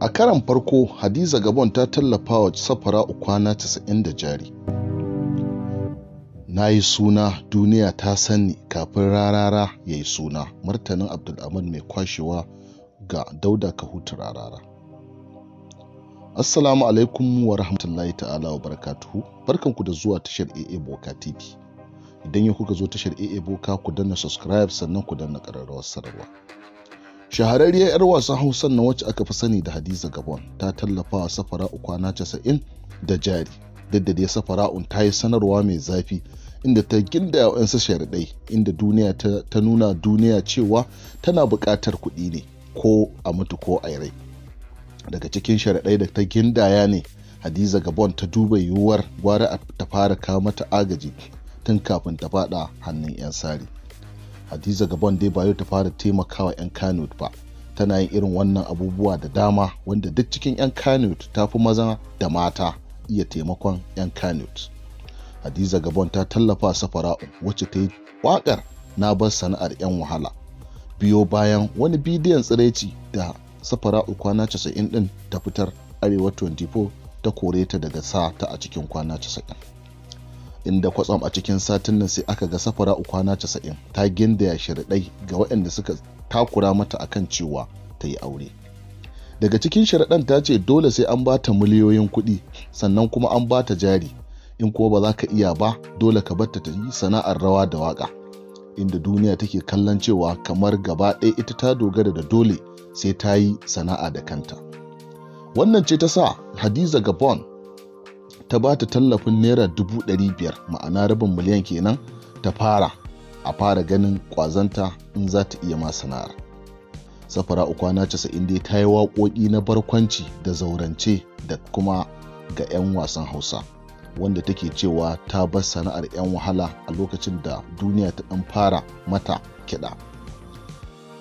A karon farko, Hadiza Gabon ta tallafa wa safara kwana 90 da jari. Na yi suna duniya ta sani kafin Rarara ya yi suna, martanin Abdulhamid mai kwashewa ga Dauda Kahutu Rarara. Assalamu alaikum wa rahmatullahi ta'ala wa barakatuhu, barkanku da zuwa tashar AA Boka TV. Idan ya kuka zo tashar AA Boka ku danna subscribe sannan ku danna ƙararrawar sararwa. shahararriyar 'yar wasan hausan na wacce aka fi sani da hadiza gabon ta tallafa wa safara'u kwana 90 da jari duk da dai safara'un ta yi sanarwa mai zafi inda ta gindaya wa'yansu sharaɗai inda duniya ta nuna duniya cewa tana buƙatar kuɗi ne ko a mutu ko a rai daga cikin sharaɗai da ta gindaya ne hadiza gabon ta duba yiwuwar gwara ta fara kawo mata agaji tun kafin ta faɗa hannun 'yan sari. hadiza gabon dai ba yau ta fara taimakawa 'yan Kanut ba tana yin irin wannan abubuwa da dama wanda duk cikin 'yan Kanut ta fi maza da mata iya taimakon 'yan Kanut. hadiza gabon ta tallafa safara'u wacce ta yi wakar na bar sana'ar 'yan wahala biyo bayan wani bidiyon tsiraici da safara'u kwana 90 ɗin ta fitar arewa 24 ta kore ta daga sa ta a cikin kwana 90 inda kwatsam a cikin satin nan sai aka ga safara ukwana casa'in ta gindaya sharaɗai ga waɗanda suka takura mata akan cewa ta yi aure daga cikin sharaɗan ta ce dole sai an bata miliyoyin kuɗi sannan kuma an bata jari in kuwa ba za ka iya ba dole ka barta ta yi sana'ar rawa da waƙa inda duniya take kallon cewa kamar gaba ɗaya ita ta dogara da dole sai ta yi sana'a da kanta wannan ce ta sa hadiza gabon ta ba ta tallafin naira dubu ɗari biyar ma'ana rabin miliyan kenan ta fara a fara ganin kwazanta in za ta iya ma sana'ar safara kwana casa'in dai ta yi waƙoƙi na barkwanci da zaurance da kuma ga 'yan wasan hausa wanda take cewa ta bar sana'ar 'yan wahala a lokacin da duniya ta ɗan fara mata kiɗa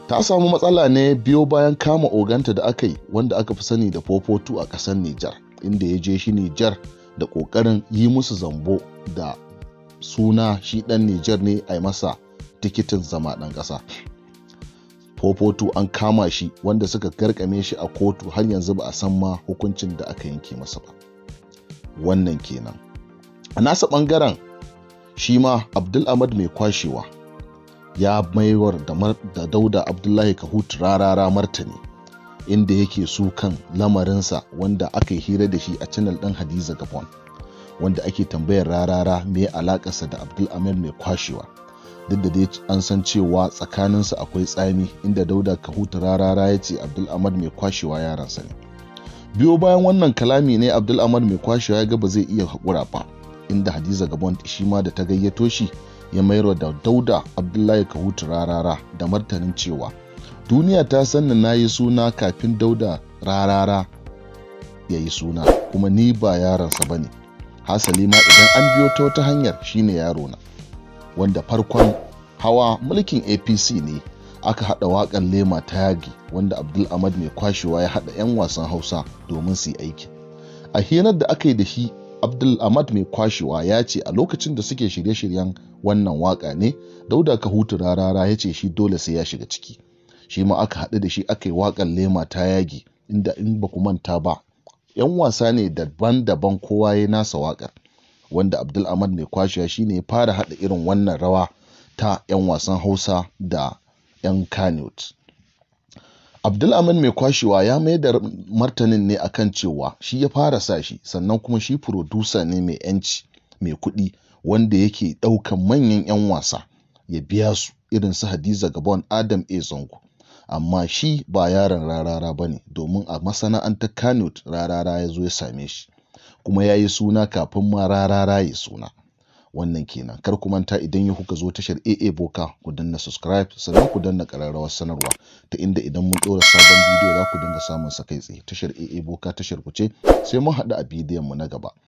ta samu matsala ne biyo bayan kama oganta da aka yi wanda aka fi sani da 442 a ƙasar nijar inda ya je shi nijar da ƙoƙarin yi musu zambo da suna shi ɗan Nijar ne a masa tikitin zama ɗan ƙasa. Fofoto an kama shi wanda suka garkame shi a kotu har yanzu ba a san ma hukuncin da aka yanke masa ba. Wannan kenan. A nasa ɓangaren shi ma Abdul Ahmad mai kwashewa ya maiwar da dauda Abdullahi Kahut rarara martani. inda yake kan lamarinsa wanda aka yi hira da shi a canal ɗin hadiza gabon wanda ake tambayar rarara me alakarsa da abdul amir mai kwashewa duk da dai an san cewa tsakaninsa akwai tsami inda dauda kahuta rarara ya ce abdul amir mai kwashewa yaransa ne biyo bayan wannan kalami ne abdul amir mai kwashewa ya ga ba zai iya haƙura ba inda hadiza gabon shi ma da ta gayyato shi ya mayar da dauda abdullahi kahuta rarara da martanin cewa duniya ta sanna na yi suna kafin dauda rarara ya yi suna kuma ni ba yaransa ba ne hasali ma idan an biyo ta wata hanyar shine yarona wanda farkon hawa mulkin apc ne aka haɗa waƙar lema ta yagi wanda abdul ahmad mai kwashewa ya haɗa 'yan wasan hausa domin su yi aiki a hirar da aka yi da shi abdul ahmad mai kwashewa ya ce a lokacin da suke shirye-shiryen wannan waƙa ne dauda ka hutu rarara ya ce shi dole sai ya shiga ciki shi ma aka haɗu da shi aka yi waƙar lema ta yagi inda in ba ku manta ba yan wasa ne daban-daban kowa ya nasa waƙar wanda abdul ahmad mai kwashiya shine ya fara haɗa irin wannan rawa ta yan wasan hausa da yan kanut abdul ahmad mai kwashewa ya mai da martanin ne akan cewa shi ya fara sa shi sannan kuma shi furodusa ne mai yanci mai kuɗi wanda yake ɗaukan manyan 'yan wasa ya biya su irin su hadiza gabon adam a zango amma shi ba yaron rarara ba ne domin a masana'antar kanut rarara ya zo ya same shi kuma ya yi suna kafin ma rarara ya suna. Wannan kenan kar ku manta idan ya kuka zo tashar AA Boka ku danna subscribe sannan ku danna ƙararrawar sanarwa ta inda idan mun ɗora sabon bidiyo za ku dinga samun sa kai tsaye tashar AA Boka tashar ku ce sai mun haɗu a bidiyon mu na gaba.